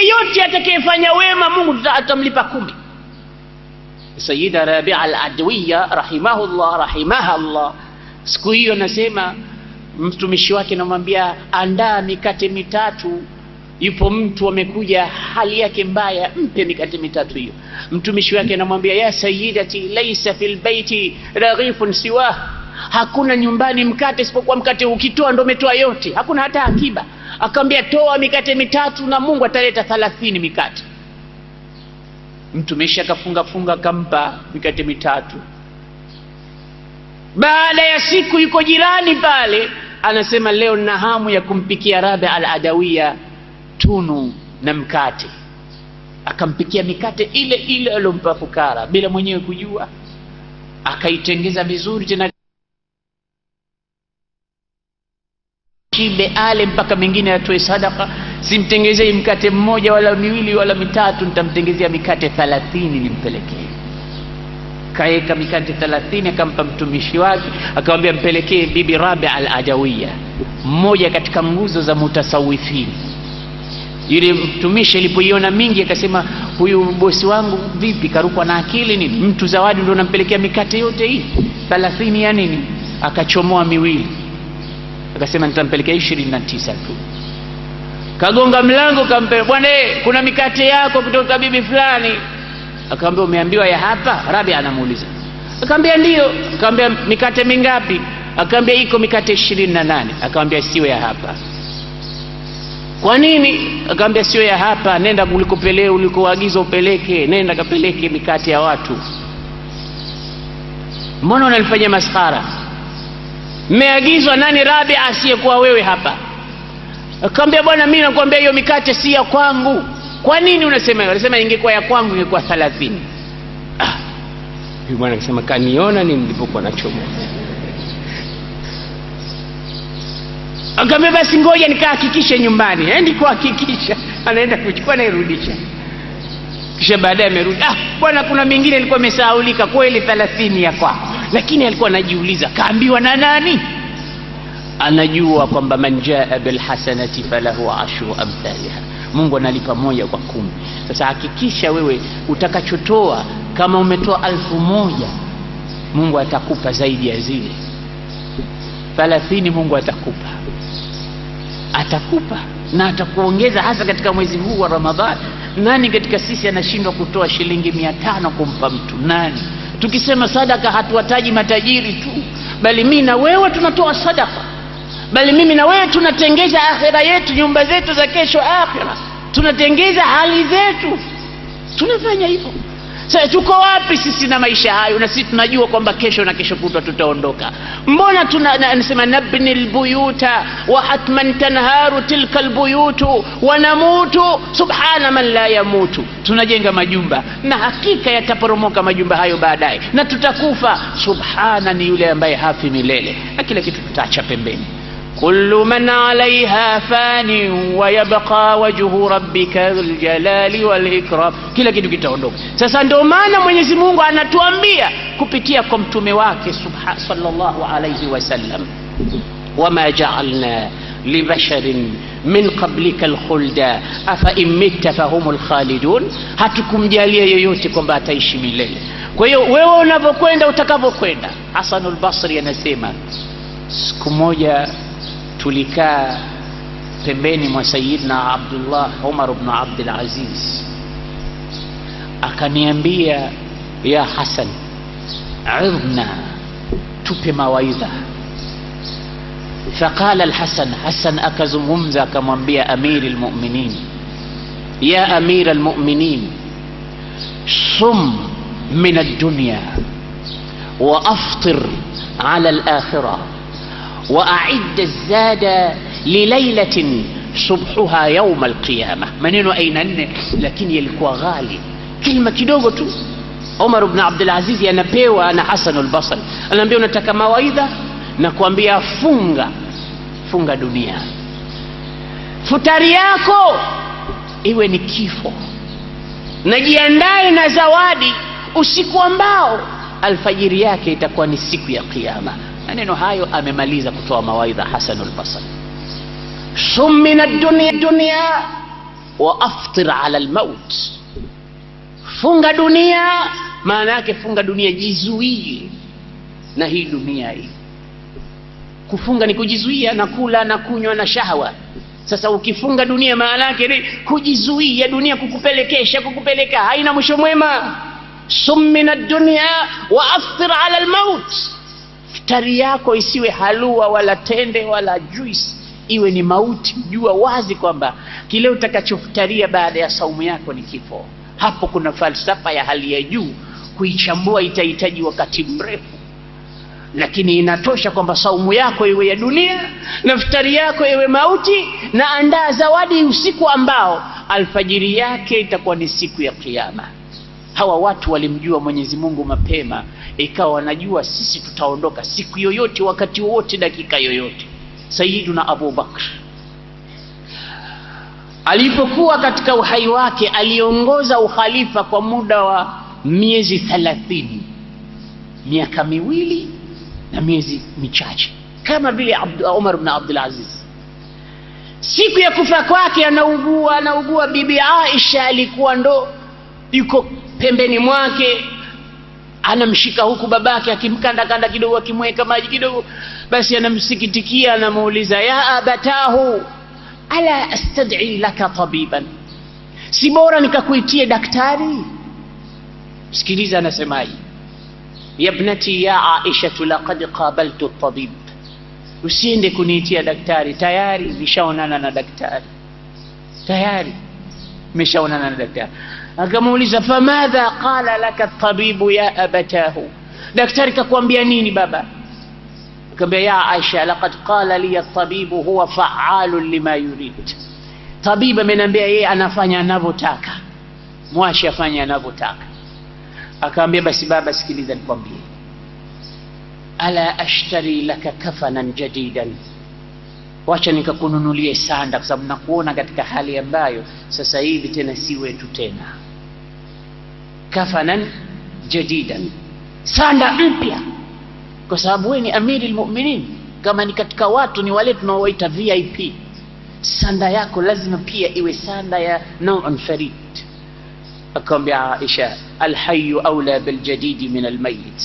Yeyote atakayefanya wema Mungu atamlipa kumi. Sayida Rabia al-Adawiya rahimahullah rahimaha Allah, siku hiyo nasema mtumishi wake anamwambia andaa mikate mitatu, yupo mtu amekuja hali yake mbaya, mpe mikate mitatu hiyo. Mtumishi wake anamwambia ya sayidati, laisa fil baiti raghifun siwa hakuna nyumbani mkate isipokuwa mkate ukitoa ndio umetoa yote, hakuna hata akiba. Akamwambia toa mikate mitatu na Mungu ataleta thalathini mikate. mesha akafunga funga akampa mikate mitatu. Baada ya siku, yuko jirani pale, anasema leo nina hamu ya kumpikia Rabi al Adawiya tunu na mkate. Akampikia mikate ile ile aliyompa fukara bila mwenyewe kujua, akaitengeza vizuri tena ashibe ale mpaka mengine atoe sadaka. Simtengezei mkate mmoja wala miwili wala mitatu, nitamtengezea mikate thalathini nimpelekee. Kaeka mikate thalathini akampa mtumishi wake, akamwambia mpelekee Bibi Rabia al ajawiya mmoja katika nguzo za mutasawifini. Yule mtumishi alipoiona mingi akasema, huyu bosi wangu vipi, karukwa na akili nini? Mtu zawadi ndio nampelekea mikate yote hii thalathini ya nini? Akachomoa miwili akasema nitampelekea ishirini na tisa tu. Kagonga mlango kampea, bwana eh, kuna mikate yako kutoka bibi fulani. Akamwambia umeambiwa ya hapa? Rabi anamuuliza akaambia ndio. Akaambia mikate mingapi? Akaambia iko mikate ishirini na nane. Akaambia sio ya hapa. Kwa nini? Akamwambia sio ya hapa, nenda ulikopele ulikoagiza upeleke, nenda kapeleke mikate ya watu. Mbona unalifanyia maskhara? mmeagizwa nani? Rabi asiyekuwa wewe hapa akamwambia, bwana, mimi nakwambia hiyo mikate si ya kwangu. Kwa nini unasema? Anasema ingekuwa ya kwangu ingekuwa thalathini. Ah, yule bwana akasema kaniona ni nilipokuwa nachoma. Akamwambia basi ngoja nikahakikishe nyumbani. Endi kuhakikisha, anaenda kuchukua nairudisha, kisha baadaye amerudi. Ah bwana, kuna mingine ilikuwa imesahaulika kweli, thalathini ya kwako lakini alikuwa anajiuliza kaambiwa na nani? Anajua kwamba man jaa bilhasanati falahu ashru amthaliha, Mungu analipa moja kwa kumi. Sasa hakikisha wewe utakachotoa, kama umetoa alfu moja Mungu atakupa zaidi ya zile thalathini. Mungu atakupa atakupa na atakuongeza, hasa katika mwezi huu wa Ramadhani. Nani katika sisi anashindwa kutoa shilingi mia tano kumpa mtu? Nani? Tukisema sadaka hatuwataji matajiri tu, bali mimi na wewe tunatoa sadaka, bali mimi na wewe tunatengeza akhira yetu, nyumba zetu za kesho akhira, tunatengeza hali zetu, tunafanya hivyo. Sasa tuko wapi sisi na maisha hayo? Na sisi tunajua kwamba kesho na kesho kutwa tutaondoka. Mbona tunasema nabni lbuyuta wa hatman tanharu tilka lbuyutu wa namutu subhana man la yamutu, tunajenga majumba na hakika yataporomoka majumba hayo baadaye na tutakufa. Subhana ni yule ambaye hafi milele, na kila kitu tutaacha pembeni kullu man alaiha fani wa wajhu rabbika ljalali walikram kila kitu kitaondoka. Sasa ndio maana Mwenyezi Mungu anatuambia kupitia kwa mtume wake subha sallallahu alayhi wasallam, wama ja'alna libasharin min qablika alkhulda afa in mitta fahumul hatukumjalia yeyote kwamba ataishi milele. Kwa hiyo wewe unavyokwenda utakavyokwenda, Hasanul Basri anasema siku moja tulikaa pembeni mwa Sayyidina Abdullah Umar ibn Abdul Aziz, akaniambia ya Hasan, idhna, tupe mawaidha. Faqala al-Hasan, Hasan akazungumza akamwambia amiri al-mu'minin, ya amira al-mu'minin, sum min ad-dunya wa aftir ala wa aidda zada lilailatin subhuha yauma alqiyama. Maneno aina nne, lakini yalikuwa ghali. Kilima kidogo tu Omar bn Abdulazizi anapewa na Hasanu Lbasri, anaambia unataka mawaidha na kuambia funga funga dunia, futari yako iwe ni kifo, najiandae na zawadi usiku ambao alfajiri yake itakuwa ni siku ya Kiyama maneno hayo amemaliza kutoa mawaidha Hasanul Basri. sumina dunia, dunia wa aftir ala almaut, funga dunia maana yake funga dunia, jizuie na hii dunia hii. Kufunga ni kujizuia na kula na kunywa na shahawa. Sasa ukifunga dunia maana yake ni kujizuia dunia kukupelekesha kukupeleka, haina mwisho mwema. sumina dunia wa aftir ala almaut iftari yako isiwe halua wala tende wala juisi, iwe ni mauti. Jua wazi kwamba kile utakachofutaria baada ya saumu yako ni kifo. Hapo kuna falsafa ya hali ya juu, kuichambua itahitaji wakati mrefu, lakini inatosha kwamba saumu yako iwe ya dunia na futari yako iwe mauti, na andaa zawadi usiku ambao alfajiri yake itakuwa ni siku ya Kiyama. Hawa watu walimjua Mwenyezi Mungu mapema, ikawa wanajua sisi tutaondoka siku yoyote, wakati wowote, dakika yoyote. Sayyiduna Abu Bakr alipokuwa katika uhai wake aliongoza ukhalifa kwa muda wa miezi thalathini, miaka miwili na miezi michache, kama vile Umar bin Abdul Aziz. Siku ya kufa kwake anaugua, anaugua. Bibi Aisha alikuwa ndo yuko pembeni mwake anamshika huku babake akimkandakanda kidogo, akimweka maji kidogo, basi anamsikitikia, anamuuliza ya abatahu ala astad'i laka tabiban, si bora nikakuitie daktari? Sikiliza anasemaje, yabnati ya Aisha, laqad qabaltu tabib, usiende kuniitia daktari, tayari nishaonana na daktari, tayari nimeshaonana na daktari Akamuuliza, famadha qala laka tabibu ya abatahu, daktari kakwambia nini baba? Akaambia, ya Aisha, laqad qala li tabibu huwa faalu lima yurid. Tabibu amenambia yeye anafanya anavyotaka, mwashi afanye anavyotaka. Akamwambia basi baba, sikiliza nikwambie, ala ashtari laka kafanan jadidan Wacha nikakununulie sanda, kwa sababu nakuona katika hali ambayo sasa hivi tena si wetu tena kafanan jadidan, sanda mpya, kwa sababu wewe ni amiri almu'minin. Kama ni katika watu ni wale tunaowaita VIP, sanda yako lazima pia iwe sanda ya nau'un farid. Akamwambia Aisha, alhayu aula biljadidi min almayit,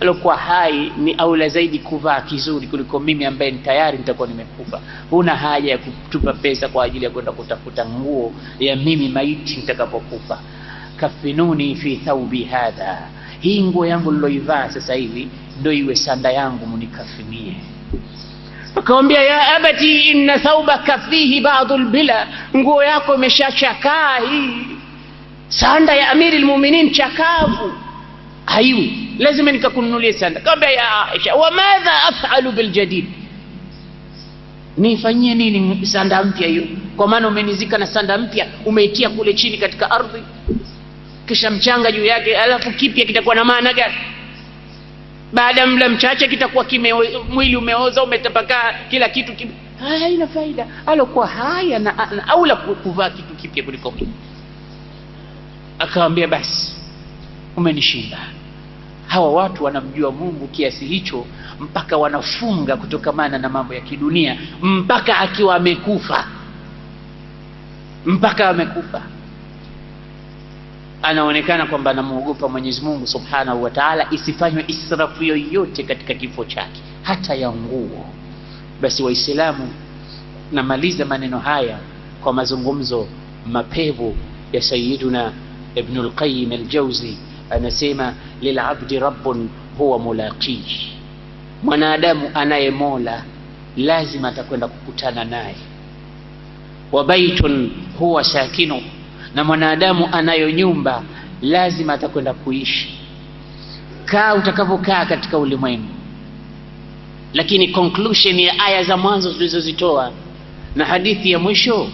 alokuwa hai ni aula zaidi kuvaa kizuri kuliko mimi ambaye ni tayari nitakuwa nimekufa. Huna haja ya kutupa pesa kwa ajili ya kwenda kutafuta nguo ya mimi maiti nitakapokufa kafinuni fi thaubi hadha, hii nguo yangu niloivaa sasa hivi ndio iwe sanda yangu munikafinie. Akamwambia, ya abati inna thawbaka fihi ba'dul bila, nguo yako imeshachakaa hii, sanda ya amiri lmuminin chakavu haiwi, lazima nikakununulie sanda. Akamwambia, ya Aisha, wa madha af'alu biljadid nifanyie nini sanda mpya hiyo? Kwa maana umenizika na sanda mpya, umeitia kule chini katika ardhi kisha mchanga juu yake, alafu kipya kitakuwa na maana gani? Baada ya muda mchache kitakuwa kime, mwili umeoza umetapakaa kila kitu kime, haina faida alokuwa haya na, na au la kuvaa kitu kipya kuliko hii. Akawambia, basi umenishinda. Hawa watu wanamjua Mungu kiasi hicho mpaka wanafunga kutokamana na mambo ya kidunia, mpaka akiwa amekufa, mpaka amekufa anaonekana kwamba anamwogopa Mwenyezi Mungu Subhanahu wa Ta'ala, isifanywe israfu yoyote katika kifo chake hata ya nguo. Basi Waislamu, namaliza maneno haya kwa mazungumzo mapevu ya Sayyiduna Ibn al-Qayyim al-Jawzi, anasema lilabdi rabbun huwa mulaqi, mwanadamu anaye mola lazima atakwenda kukutana naye. Wa baitun huwa sakinu na mwanadamu anayo nyumba, lazima atakwenda kuishi. Kaa utakavyokaa katika ulimwengu. Lakini conclusion ya aya za mwanzo tulizozitoa na hadithi ya mwisho,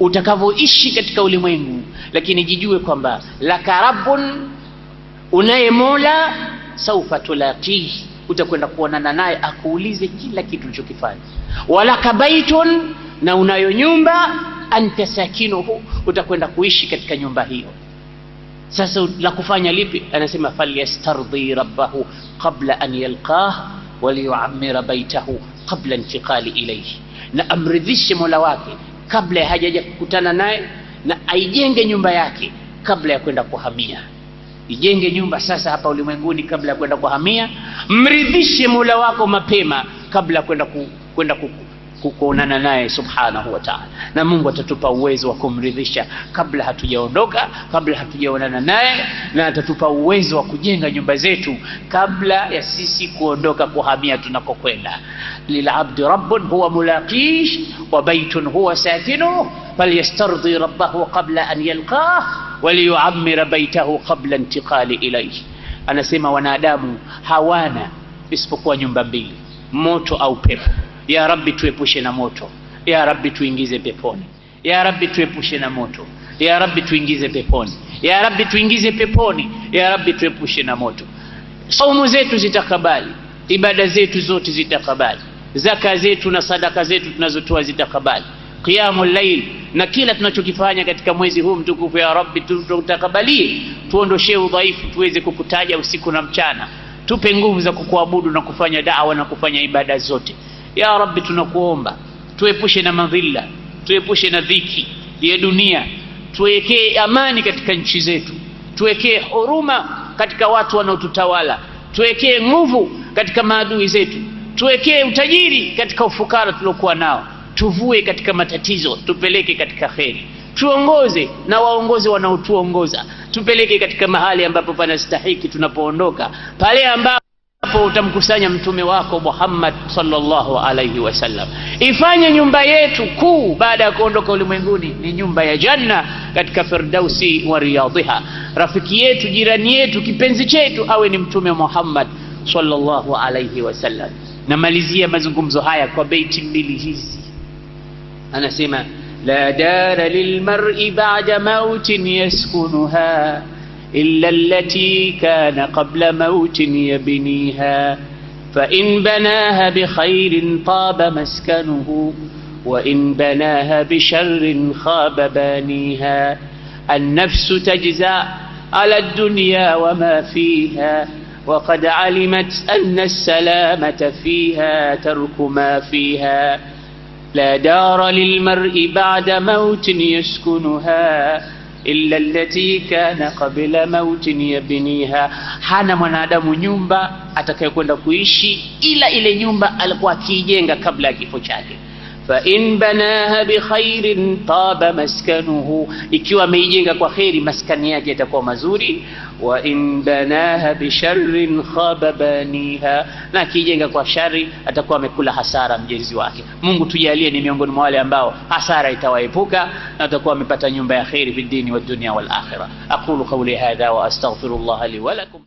utakavyoishi katika ulimwengu, lakini jijue kwamba laka rabbun, unaye mola, saufa tulaqihi, utakwenda kuonana naye akuulize kila kitu ulichokifanya. Walaka baitun, na unayo nyumba anta sakinuhu, utakwenda kuishi katika nyumba hiyo. Sasa la kufanya lipi? Anasema falyastardhi rabbahu qabla an yalqah waliyuamira baitahu qabla intiqali ilayhi, na amridhishe mola wake kabla ya hajaja kukutana naye, na aijenge nyumba yake kabla ya kwenda kuhamia. Ijenge nyumba sasa hapa ulimwenguni kabla ya kwenda kuhamia, mridhishe mola wako mapema kabla ya kwenda kwenda kuonana naye subhanahu wataala na Mungu atatupa uwezo wa kumridhisha kabla hatujaondoka, kabla hatujaonana naye, na atatupa uwezo wa kujenga nyumba zetu kabla ya sisi kuondoka, kuhamia tunakokwenda. Lilabdi rabbun huwa mulaqih wa baitun huwa sakinuh falyastardhi rabbahu qabla an yalqah waliyuamira baitahu qabla intiqali ilayhi. Anasema wanadamu hawana isipokuwa nyumba mbili, moto au pepo. Ya Rabbi tuepushe na moto, ya Rabbi tuingize peponi, ya Rabbi tuepushe na moto, ya Rabbi tuingize peponi, ya Rabbi tuingize peponi, ya Rabbi tuepushe na moto. Saumu zetu zitakabali, ibada zetu zote zitakabali, zaka zetu na sadaka zetu tunazotoa zitakabali, qiyamul layl na kila tunachokifanya katika mwezi huu mtukufu, ya Rabbi tutakabalie, tuondoshee udhaifu, tuweze kukutaja usiku na mchana, tupe nguvu za kukuabudu na kufanya da'wa na kufanya ibada zote. Ya Rabbi, tunakuomba tuepushe na madhila, tuepushe na dhiki ya dunia, tuwekee amani katika nchi zetu, tuwekee huruma katika watu wanaotutawala, tuwekee nguvu katika maadui zetu, tuwekee utajiri katika ufukara tuliokuwa nao, tuvue katika matatizo, tupeleke katika kheri, tuongoze na waongozi wanaotuongoza, tupeleke katika mahali ambapo panastahiki tunapoondoka, pale ambapo hapo utamkusanya mtume wako Muhammad sallallahu alaihi wasallam. Ifanye nyumba yetu kuu baada ya kuondoka ulimwenguni ni nyumba ya janna katika firdausi wa riyadhiha. Rafiki yetu, jirani yetu, kipenzi chetu awe ni mtume Muhammad sallallahu alaihi wasallam. Namalizia mazungumzo haya kwa beiti mbili hizi, anasema la dara lilmar'i ba'da mautin yaskunuha إلا التي كان قبل موت يبنيها فإن بناها بخير طاب مسكنه وإن بناها بشر خاب بانيها النفس تجزى على الدنيا وما فيها وقد علمت أن السلامة فيها ترك ما فيها لا دار للمرء بعد موت يسكنها illa allati kana qabla mautin yabniha, hana mwanadamu nyumba atakayokwenda kuishi ila ile nyumba alikuwa akiijenga kabla ya kifo chake fain banaha bikhairin taba maskanuhu, ikiwa ameijenga kwa kheri maskani yake yatakuwa mazuri. Wa in banaha bisharrin khaba baniha, na akiijenga kwa shari atakuwa amekula hasara mjenzi wake. Mungu tujalie ni miongoni mwa wale ambao hasara itawaepuka na atakuwa amepata nyumba ya kheri fi dini wa dunya wal akhirah. Aqulu qawli hadha wa astaghfirullah li wa lakum.